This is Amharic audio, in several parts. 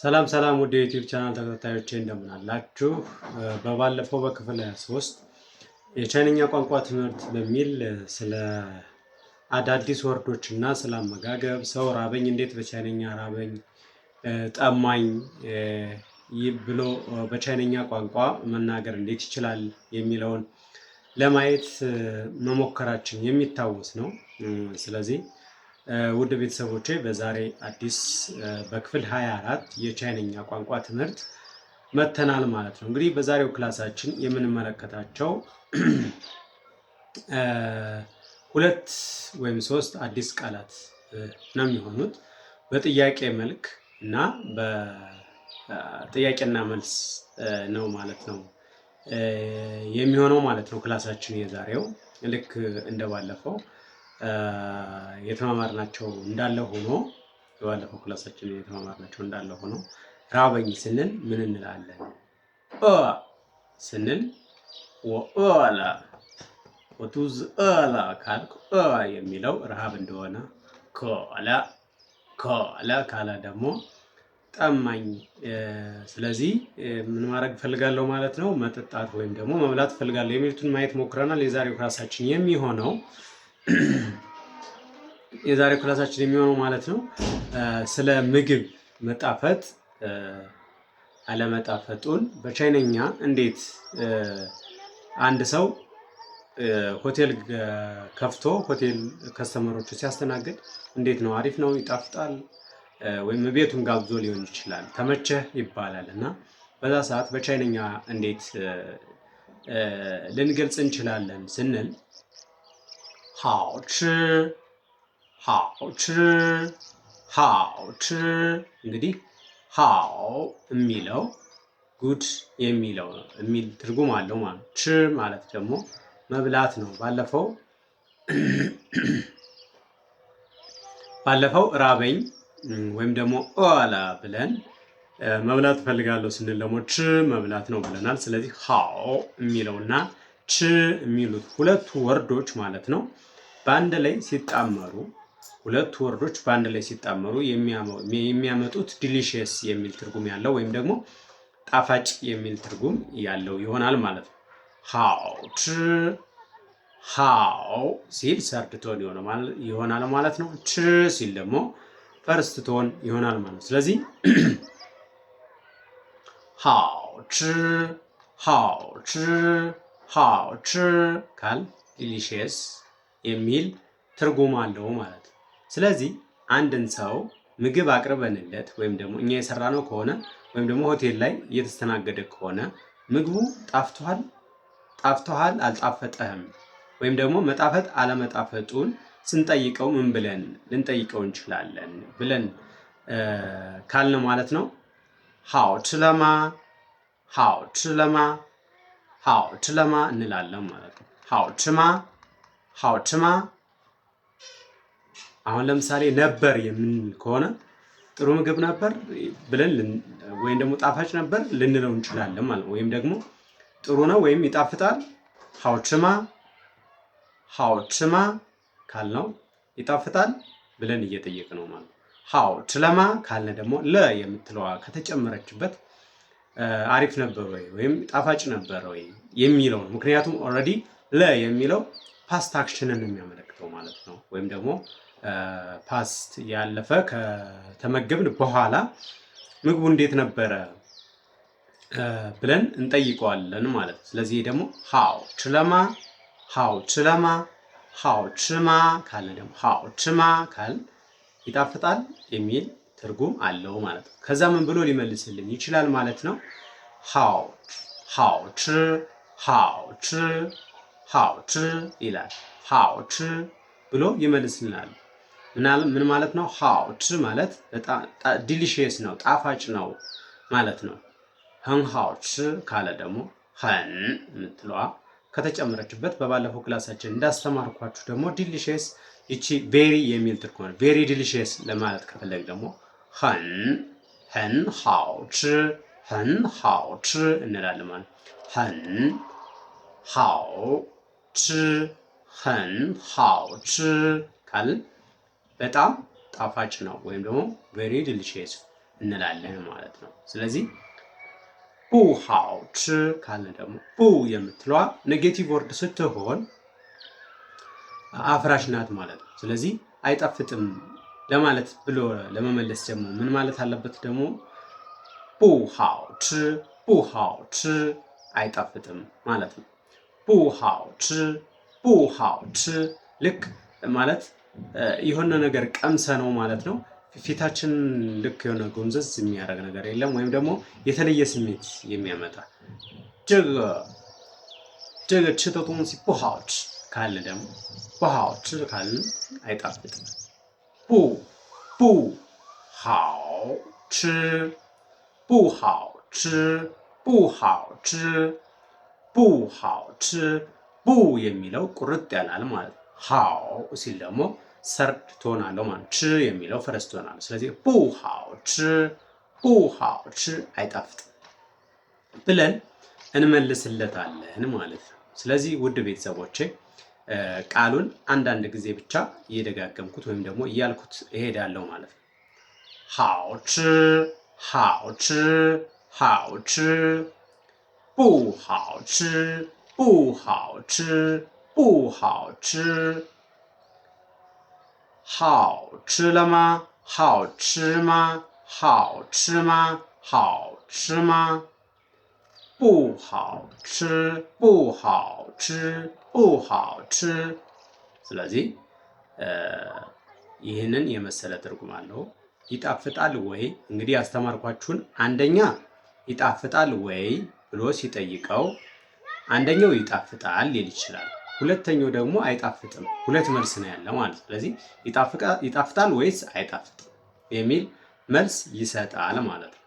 ሰላም ሰላም ወደ ዩቲዩብ ቻናል ተከታታዮች እንደምን አላችሁ? በባለፈው በክፍል ሶስት የቻይነኛ ቋንቋ ትምህርት በሚል ስለ አዳዲስ ወርዶች እና ስለ አመጋገብ ሰው ራበኝ እንዴት በቻይነኛ ራበኝ፣ ጠማኝ ብሎ በቻይነኛ ቋንቋ መናገር እንዴት ይችላል የሚለውን ለማየት መሞከራችን የሚታወስ ነው። ስለዚህ ውድ ቤተሰቦቼ በዛሬ አዲስ በክፍል 24 የቻይነኛ ቋንቋ ትምህርት መተናል ማለት ነው። እንግዲህ በዛሬው ክላሳችን የምንመለከታቸው ሁለት ወይም ሶስት አዲስ ቃላት ነው የሚሆኑት በጥያቄ መልክ እና በጥያቄና መልስ ነው ማለት ነው የሚሆነው ማለት ነው ክላሳችን የዛሬው ልክ እንደባለፈው የተማማርናቸው እንዳለ ሆኖ የባለፈው ክላሳችን የተማማርናቸው እንዳለ ሆኖ ራበኝ ስንል ምን እንላለን? ስንል ወእላ ወቱዝ ላ ካልክ የሚለው ረሃብ እንደሆነ ከላ ከላ ካላ ደግሞ ጠማኝ። ስለዚህ ምን ማድረግ እፈልጋለሁ ማለት ነው መጠጣት ወይም ደግሞ መብላት እፈልጋለሁ የሚሉትን ማየት ሞክረናል። የዛሬው ክላሳችን የሚሆነው የዛሬ ክላሳችን የሚሆነው ማለት ነው ስለ ምግብ መጣፈጥ አለመጣፈጡን በቻይነኛ እንዴት አንድ ሰው ሆቴል ከፍቶ ሆቴል ከስተመሮቹ ሲያስተናግድ እንዴት ነው? አሪፍ ነው? ይጣፍጣል? ወይም ቤቱን ጋብዞ ሊሆን ይችላል ተመቸህ ይባላል እና በዛ ሰዓት በቻይነኛ እንዴት ልንገልጽ እንችላለን ስንል 好吃好吃好吃 እንግዲህ ሀው የሚለው ጉድ የሚለው የሚል ትርጉም አለው ማለት ነው። ች ማለት ደግሞ መብላት ነው። ባለፈው ባለፈው ራበኝ ወይም ደግሞ ኦላ ብለን መብላት እፈልጋለሁ ስንል ደግሞ ች መብላት ነው ብለናል። ስለዚህ ሀው የሚለውና ች የሚሉት ሁለቱ ወርዶች ማለት ነው በአንድ ላይ ሲጣመሩ ሁለቱ ወርዶች በአንድ ላይ ሲጣመሩ የሚያመጡት ዲሊሽየስ የሚል ትርጉም ያለው ወይም ደግሞ ጣፋጭ የሚል ትርጉም ያለው ይሆናል ማለት ነው። ሃው ች ሃው ሲል ሰርድ ቶን ይሆናል ማለት ነው። ች ሲል ደግሞ ፈርስት ቶን ይሆናል ማለት ነው። ስለዚህ ሃው ች ሃው ች ሃው ትር ካል ዲሊሽስ የሚል ትርጉም አለው ማለት ነው። ስለዚህ አንድን ሰው ምግብ አቅርበንለት ወይም ደግሞ እኛ የሰራ ነው ከሆነ ወይም ደግሞ ሆቴል ላይ እየተስተናገደ ከሆነ ምግቡ ጣፍቷል ጣፍቷል አልጣፈጠህም ወይም ደግሞ መጣፈጥ አለመጣፈጡን ስንጠይቀው ምን ብለን ልንጠይቀው እንችላለን ብለን ካልን ማለት ነው። ሃው ችለማ ሃው ችለማ ሀው ችለማ እንላለን ማለት ነው። ሀው ችማ፣ ሀው ችማ። አሁን ለምሳሌ ነበር የምንል ከሆነ ጥሩ ምግብ ነበር ብለን ወይም ደግሞ ጣፋጭ ነበር ልንለው እንችላለን ማለት ወይም ደግሞ ጥሩ ነው ወይም ይጣፍጣል ሀው ችማ፣ ሀው ችማ ካልነው ይጣፍጣል ብለን እየጠየቅ ነው ማለት ነው። ሀው ችለማ ካልነ ደግሞ ለ የምትለዋ ከተጨመረችበት አሪፍ ነበር ወይ ወይም ጣፋጭ ነበር ወይ የሚለው ነው። ምክንያቱም ኦልሬዲ ለ የሚለው ፓስት አክሽንን የሚያመለክተው ማለት ነው። ወይም ደግሞ ፓስት ያለፈ ከተመገብን በኋላ ምግቡ እንዴት ነበረ ብለን እንጠይቀዋለን ማለት ነው። ስለዚህ ደግሞ ሃው ችለማ ሃው ችለማ ሃው ችማ ካለ ደግሞ ሃው ችማ ካል ይጣፍጣል የሚል ትርጉም አለው ማለት ነው። ከዛ ምን ብሎ ሊመልስልን ይችላል ማለት ነው? ሃው ሃው ች ሃው ች ሃው ች ይላል። ሃው ች ብሎ ይመልስልናል። ምን ማለት ነው? ሃው ች ማለት ዲሊሽየስ ነው፣ ጣፋጭ ነው ማለት ነው። ህን ሃው ች ካለ ደግሞ ህን የምትለዋ ከተጨመረችበት በባለፈው ክላሳችን እንዳስተማርኳችሁ ደግሞ ዲሊሽየስ ይቺ ቬሪ የሚል ትርጉም ቬሪ ዲሊሽየስ ለማለት ከፈለግ ደግሞ ሀን ሀን ሀው ች በጣም ጣፋጭ ነው ወይም ደግሞ ቬሪ ዲሊሽየስ እንላለን ማለት ነው። ስለዚህ ቡ ሀው ች ካልን ደግሞ ቡ የምትሏ ኔጌቲቭ ወርድ ስትሆን አፍራሽ ናት ማለት ነው። ስለዚህ አይጣፍጥም ለማለት ብሎ ለመመለስ ደግሞ ምን ማለት አለበት? ደግሞ ቡሃውች ቡሃውች አይጣፍጥም ማለት ነው። ቡሃውች ቡሃውች ልክ ማለት የሆነ ነገር ቀምሰ ነው ማለት ነው። ፊታችን ልክ የሆነ ጎምዘዝ የሚያደርግ ነገር የለም ወይም ደግሞ የተለየ ስሜት የሚያመጣ ጀገ ጀገ ችተቱን ሲ ቡሃውች ካለ ደግሞ ቡሃውች ካለ አይጣፍጥም 不不好吃，不好吃，不好吃，不好吃 ቡ የሚለው ቁርጥ ያላል ማለት ነው። ሀው ሲል ደግሞ ሰርድ ትሆናለሁ ማለት ች የሚለው ፈረስ ትሆናለሁ። ስለዚህ ቡ ሀው ች ቡ ሀው ች አይጣፍጥም ብለን እንመልስለታለን ማለት ነው። ስለዚህ ውድ ቤተሰቦቼ ቃሉን አንዳንድ ጊዜ ብቻ እየደጋገምኩት ወይም ደግሞ እያልኩት እሄዳለሁ ማለት ነው። ሃውች ሃውች ቡ ሃውች ቡ ሃውች ቡ ሃውች ሃውች ለማ ሃውችማ ሃውችማ ሃውችማ 不好吃不好吃不好吃። ይህንን የመሰለ ትርጉም አለው። ይጣፍጣል ወይ እንግዲህ ያስተማርኳችሁን አንደኛ ይጣፍጣል ወይ ብሎ ሲጠይቀው አንደኛው ይጣፍጣል ሊል ይችላል። ሁለተኛው ደግሞ አይጣፍጥም። ሁለት መልስ ነው ያለ ማለት። ስለዚህ ይጣፍጣል ወይስ አይጣፍጥም የሚል መልስ ይሰጣል ማለት ነው።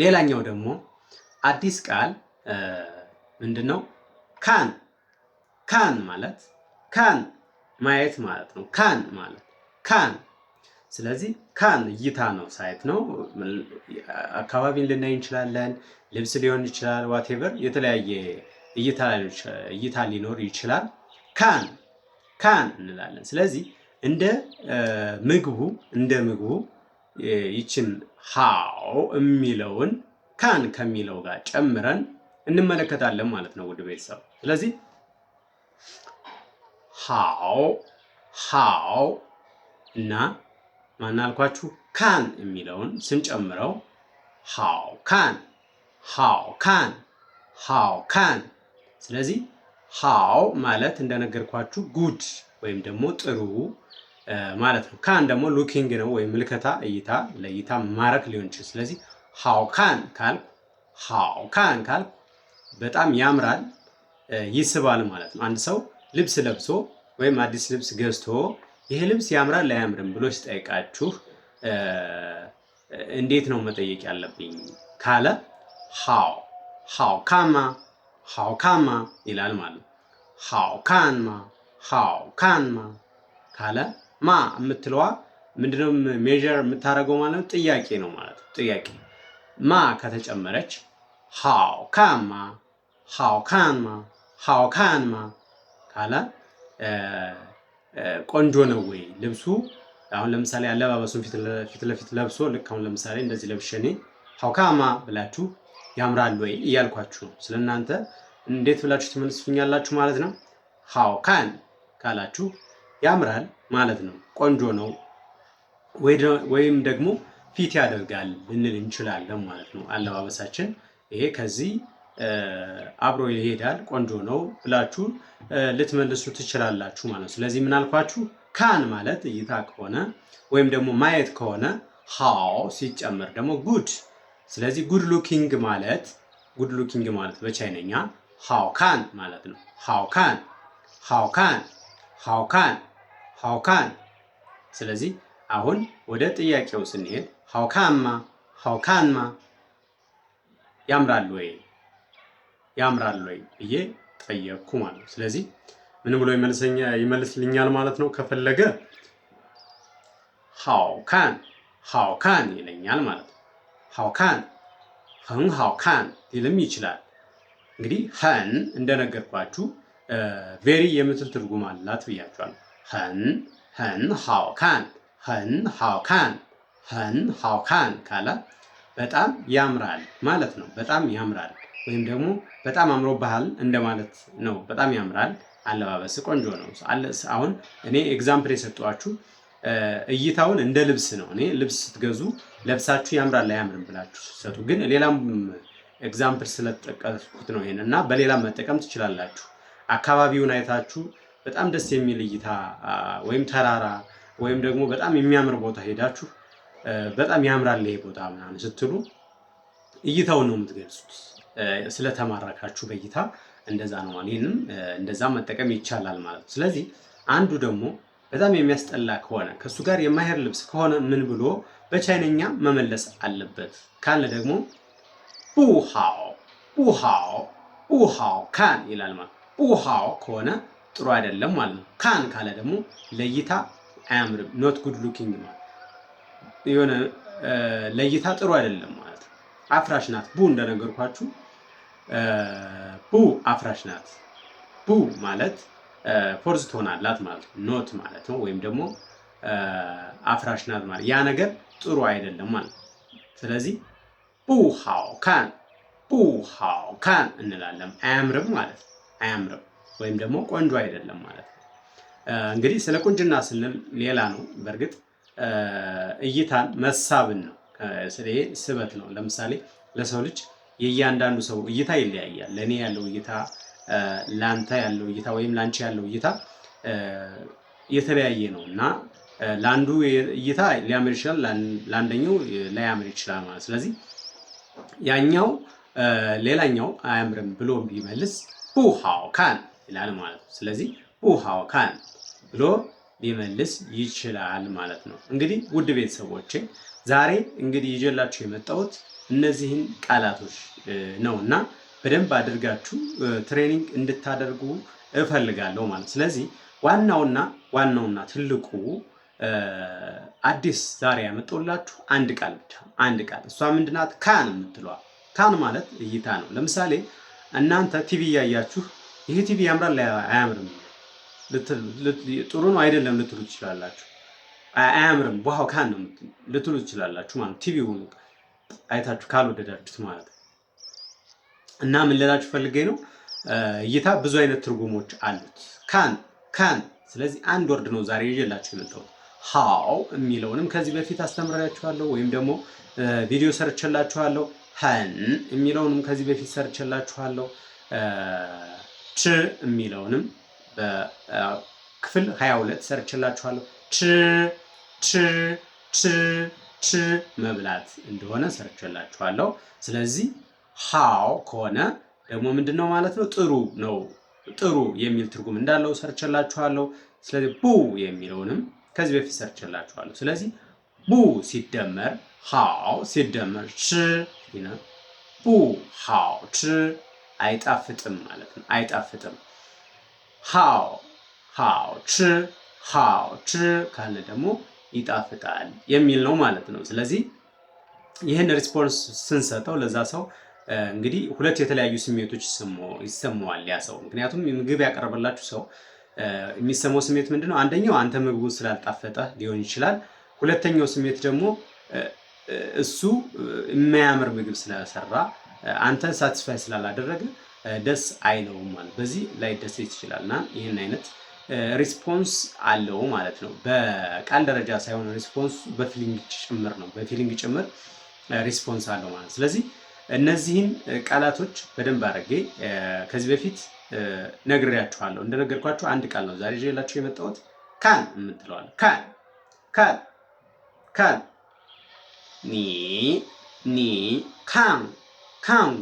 ሌላኛው ደግሞ አዲስ ቃል ምንድን ነው? ካን ካን ማለት ካን ማየት ማለት ነው። ካን ማለት ካን ስለዚህ ካን እይታ ነው፣ ሳይት ነው። አካባቢን ልናይ እንችላለን። ልብስ ሊሆን ይችላል። ዋቴቨር የተለያየ እይታ ሊኖር ይችላል። ካን ካን እንላለን። ስለዚህ እንደ ምግቡ እንደ ምግቡ ይችን ሃው የሚለውን ካን ከሚለው ጋር ጨምረን እንመለከታለን ማለት ነው ውድ ቤተሰብ። ስለዚህ ሃው ሃው እና ማናልኳችሁ ካን የሚለውን ስንጨምረው ሃው ካን ሃው ካን ሃው ካን። ስለዚህ ሃው ማለት እንደነገርኳችሁ ጉድ ወይም ደግሞ ጥሩ ማለት ነው። ካን ደግሞ ሉኪንግ ነው ወይም ምልከታ፣ እይታ፣ ለእይታ ማረክ ሊሆን ይችላል። ስለዚህ ሀውካን ካል ሀውካን ካል በጣም ያምራል ይስባል ማለት ነው። አንድ ሰው ልብስ ለብሶ ወይም አዲስ ልብስ ገዝቶ ይሄ ልብስ ያምራል አያምርም ብሎ ሲጠይቃችሁ እንዴት ነው መጠየቅ ያለብኝ ካለ ሀው ሀው ካማ ሀው ካማ ይላል ማለት ነው። ሀው ካንማ ሀው ካንማ ካለ ማ የምትለዋ ምንድነው ሜዥር የምታደርገው ማለት ነው። ጥያቄ ነው ማለት ነው። ጥያቄ ማ ከተጨመረች ሃው ካማ ሃው ካማ ሃው ካማ ካለ ቆንጆ ነው ወይ ልብሱ? አሁን ለምሳሌ አለባበሱን ፊት ለፊት ለብሶ ልክ አሁን ለምሳሌ እንደዚህ ለብሸኔ እኔ ሃው ካማ ብላችሁ ያምራል ወይ እያልኳችሁ ነው። እንዴት ብላችሁ ትመልሱኛላችሁ ማለት ነው። ሃው ካን ካላችሁ ያምራል ማለት ነው፣ ቆንጆ ነው ወይም ደግሞ ፊት ያደርጋል ልንል እንችላለን ማለት ነው። አለባበሳችን ይሄ ከዚህ አብሮ ይሄዳል፣ ቆንጆ ነው ብላችሁ ልትመልሱ ትችላላችሁ ማለት ነው። ስለዚህ ምናልኳችሁ ካን ማለት እይታ ከሆነ ወይም ደግሞ ማየት ከሆነ ሃው ሲጨመር ደግሞ ጉድ። ስለዚህ ጉድ ሉኪንግ ማለት ጉድ ሉኪንግ ማለት በቻይነኛ ሃው ካን ማለት ነው። ሃው ካን ሃው ካን ሃው ካን ሃው ካን። ስለዚህ አሁን ወደ ጥያቄው ስንሄድ 好看吗？好看吗？ያምራል ወይ ያምራል ወይ ብዬ ጠየቅኩ ማለት ነው። ስለዚህ ምን ብሎ ይመልስልኛል ማለት ነው። ከፈለገ ሀውካን ሀውካን ይለኛል ማለት ነው። ሀውካን ህን ሀውካን ሊልም ይችላል። እንግዲህ ህን እንደነገርኳችሁ ቬሪ የምትል ትርጉም አላት ብያችኋል። ህን ህን ሀውካን ህን ሀውካን ሀን ሀውካን ካለ በጣም ያምራል ማለት ነው። በጣም ያምራል ወይም ደግሞ በጣም አምሮ ባህል እንደማለት ነው። በጣም ያምራል አለባበስ ቆንጆ ነው። አሁን እኔ ኤግዛምፕል የሰጧችሁ እይታውን እንደ ልብስ ነው። እኔ ልብስ ስትገዙ ለብሳችሁ ያምራል አያምርም ብላችሁ ስትሰጡ፣ ግን ሌላም ኤግዛምፕል ስለጠቀስኩት ነው ይሄን እና በሌላም መጠቀም ትችላላችሁ። አካባቢውን አይታችሁ በጣም ደስ የሚል እይታ ወይም ተራራ ወይም ደግሞ በጣም የሚያምር ቦታ ሄዳችሁ በጣም ያምራል ይሄ ቦታ ምናምን ስትሉ እይታውን ነው የምትገልጹት። ስለተማረካችሁ በእይታ እንደዛ ነው ማለት ይህንም እንደዛ መጠቀም ይቻላል ማለት ነው። ስለዚህ አንዱ ደግሞ በጣም የሚያስጠላ ከሆነ ከእሱ ጋር የማሄር ልብስ ከሆነ ምን ብሎ በቻይነኛ መመለስ አለበት? ካለ ደግሞ ውሃው ውሃው ውሃው ካን ይላል ማለት ውሃው ከሆነ ጥሩ አይደለም ማለት ነው። ካን ካለ ደግሞ ለእይታ አያምርም፣ ኖት ጉድ ሉኪንግ ማለት የሆነ ለእይታ ጥሩ አይደለም ማለት ነው። አፍራሽ ናት ቡ እንደነገርኳችሁ ቡ አፍራሽ ናት። ቡ ማለት ፎርዝ ትሆናላት ማለት ነው። ኖት ማለት ነው። ወይም ደግሞ አፍራሽ ናት ማለት ያ ነገር ጥሩ አይደለም ማለት ነው። ስለዚህ ቡ ሃው ካን ቡ ሃው ካን እንላለን። አያምርም ማለት ነው። አያምርም ወይም ደግሞ ቆንጆ አይደለም ማለት ነው። እንግዲህ ስለ ቁንጅና ስንል ሌላ ነው በእርግጥ እይታን መሳብን ነው። ይሄ ስበት ነው። ለምሳሌ ለሰው ልጅ የእያንዳንዱ ሰው እይታ ይለያያል። ለእኔ ያለው እይታ፣ ለአንተ ያለው እይታ ወይም ለአንቺ ያለው እይታ የተለያየ ነው እና ለአንዱ እይታ ሊያምር ይችላል፣ ለአንደኛው ላያምር ይችላል ማለት ስለዚህ ያኛው ሌላኛው አያምርም ብሎ ቢመልስ ቡሃው ካን ይላል ማለት ነው። ስለዚህ ቡሃው ካን ብሎ ሊመልስ ይችላል ማለት ነው። እንግዲህ ውድ ቤተሰቦቼ ዛሬ እንግዲህ ይዤላችሁ የመጣሁት እነዚህን ቃላቶች ነው እና በደንብ አድርጋችሁ ትሬኒንግ እንድታደርጉ እፈልጋለሁ ማለት ስለዚህ ዋናውና ዋናውና ትልቁ አዲስ ዛሬ ያመጣሁላችሁ አንድ ቃል ብቻ አንድ ቃል እሷ ምንድናት ካን የምትለዋ ካን ማለት እይታ ነው ለምሳሌ እናንተ ቲቪ እያያችሁ ይሄ ቲቪ ያምራል አያምርም ጥሩ ነው አይደለም ልትሉ ትችላላችሁ። አያምርም ውሃው ካን ነው ልትሉ ትችላላችሁ ማለት ሆኑ አይታችሁ ካልወደዳችሁት ማለት እና ምን ልላችሁ ፈልጌ ነው እይታ ብዙ አይነት ትርጉሞች አሉት። ካን ካን ስለዚህ አንድ ወርድ ነው ዛሬ ይዤላችሁ የመጣሁት። ሃው የሚለውንም ከዚህ በፊት አስተምሬያችኋለሁ ወይም ደግሞ ቪዲዮ ሰርችላችኋለሁ። ሀን የሚለውንም ከዚህ በፊት ሰርችላችኋለሁ። ች የሚለውንም በክፍል 22 ሰርችላችኋለሁ። ች ች ች ች መብላት እንደሆነ ሰርችላችኋለሁ። ስለዚህ ሃው ከሆነ ደግሞ ምንድን ነው ማለት ነው? ጥሩ ነው ጥሩ የሚል ትርጉም እንዳለው ሰርችላችኋለሁ። ስለዚህ ቡ የሚለውንም ከዚህ በፊት ሰርችላችኋለሁ። ስለዚህ ቡ ሲደመር ሃው ሲደመር ች ቡ ሃው ች አይጣፍጥም ማለት ነው። አይጣፍጥም ሃው ሃው ች ሃው ች ካለ ደግሞ ይጣፍጣል የሚል ነው ማለት ነው። ስለዚህ ይህን ሪስፖንስ ስንሰጠው ለዛ ሰው እንግዲህ ሁለት የተለያዩ ስሜቶች ይሰማዋል ያ ሰው። ምክንያቱም ምግብ ያቀረበላችሁ ሰው የሚሰማው ስሜት ምንድን ነው? አንደኛው አንተ ምግቡ ስላልጣፈጠ ሊሆን ይችላል። ሁለተኛው ስሜት ደግሞ እሱ የማያምር ምግብ ስለሰራ አንተን ሳቲስፋይ ስላላደረገ ደስ አይለውም ማለት በዚህ ላይ ደስ ይችላል እና ይህን አይነት ሪስፖንስ አለው ማለት ነው። በቃል ደረጃ ሳይሆን ሪስፖንሱ በፊሊንግ ጭምር ነው። በፊሊንግ ጭምር ሪስፖንስ አለው ማለት ስለዚህ እነዚህን ቃላቶች በደንብ አድርጌ ከዚህ በፊት ነግሬያችኋለሁ። እንደነገርኳችሁ አንድ ቃል ነው ዛሬ ይዤላችሁ የመጣሁት ካን የምትለዋል። ካን ካን ካን ኒ ኒ ካን ካን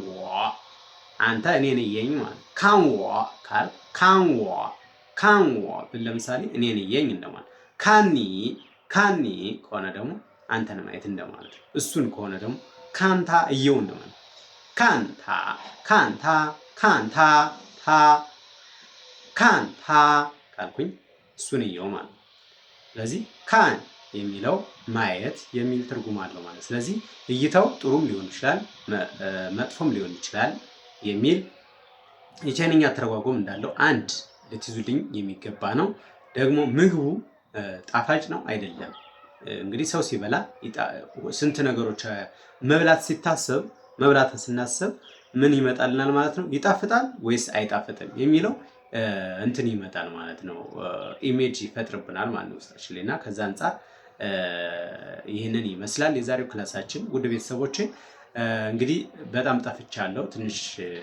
አንተ እኔን እየኝ ማለት ካንዎ ካል ካን ካንዎ ብል ለምሳሌ እኔን እየኝ እንደማለት ካኒ ካኒ ከሆነ ደግሞ አንተን ማየት እንደማለት እሱን ከሆነ ደግሞ ካንታ እየው እንደማለት ካንታ ካንታ ካንታ ታ ካንታ ካልኩኝ እሱን እየው ማለት ስለዚህ ካን የሚለው ማየት የሚል ትርጉም አለው ማለት ስለዚህ እይታው ጥሩም ሊሆን ይችላል፣ መጥፎም ሊሆን ይችላል። የሚል የቻይንኛ አተረጓጎም እንዳለው አንድ ልትይዙልኝ የሚገባ ነው። ደግሞ ምግቡ ጣፋጭ ነው አይደለም። እንግዲህ ሰው ሲበላ ስንት ነገሮች መብላት ሲታሰብ መብላት ስናስብ ምን ይመጣልናል ማለት ነው። ይጣፍጣል ወይስ አይጣፍጥም የሚለው እንትን ይመጣል ማለት ነው። ኢሜጅ ይፈጥርብናል ማለት ነው ውስጣችን ላይ እና ከዛ አንጻር ይህንን ይመስላል የዛሬው ክላሳችን ውድ ቤተሰቦችን እንግዲህ በጣም ጠፍቻለሁ፣ ትንሽ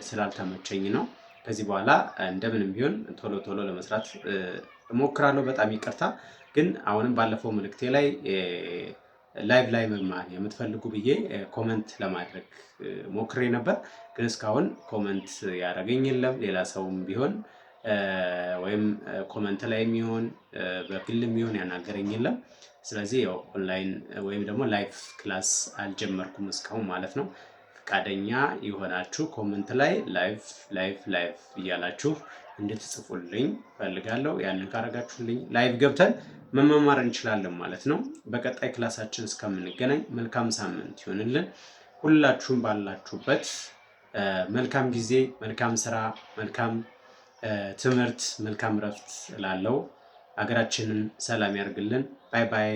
ስላልተመቸኝ ነው። ከዚህ በኋላ እንደምንም ቢሆን ቶሎ ቶሎ ለመስራት እሞክራለሁ። በጣም ይቅርታ። ግን አሁንም ባለፈው ምልክቴ ላይ ላይቭ ላይ መማር የምትፈልጉ ብዬ ኮመንት ለማድረግ ሞክሬ ነበር። ግን እስካሁን ኮመንት ያደረገኝ የለም። ሌላ ሰውም ቢሆን ወይም ኮመንት ላይ የሚሆን በግል የሚሆን ያናገረኝ የለም። ስለዚህ ያው ኦንላይን ወይም ደግሞ ላይቭ ክላስ አልጀመርኩም እስካሁን ማለት ነው። ፈቃደኛ የሆናችሁ ኮመንት ላይ ላይቭ ላይፍ ላይቭ እያላችሁ እንድትጽፉልኝ ፈልጋለሁ። ያንን ካረጋችሁልኝ ላይቭ ገብተን መመማር እንችላለን ማለት ነው። በቀጣይ ክላሳችን እስከምንገናኝ መልካም ሳምንት ይሆንልን። ሁላችሁም ባላችሁበት መልካም ጊዜ፣ መልካም ስራ፣ መልካም ትምህርት፣ መልካም እረፍት ላለው። ሀገራችንን ሰላም ያርግልን። ባይ ባይ።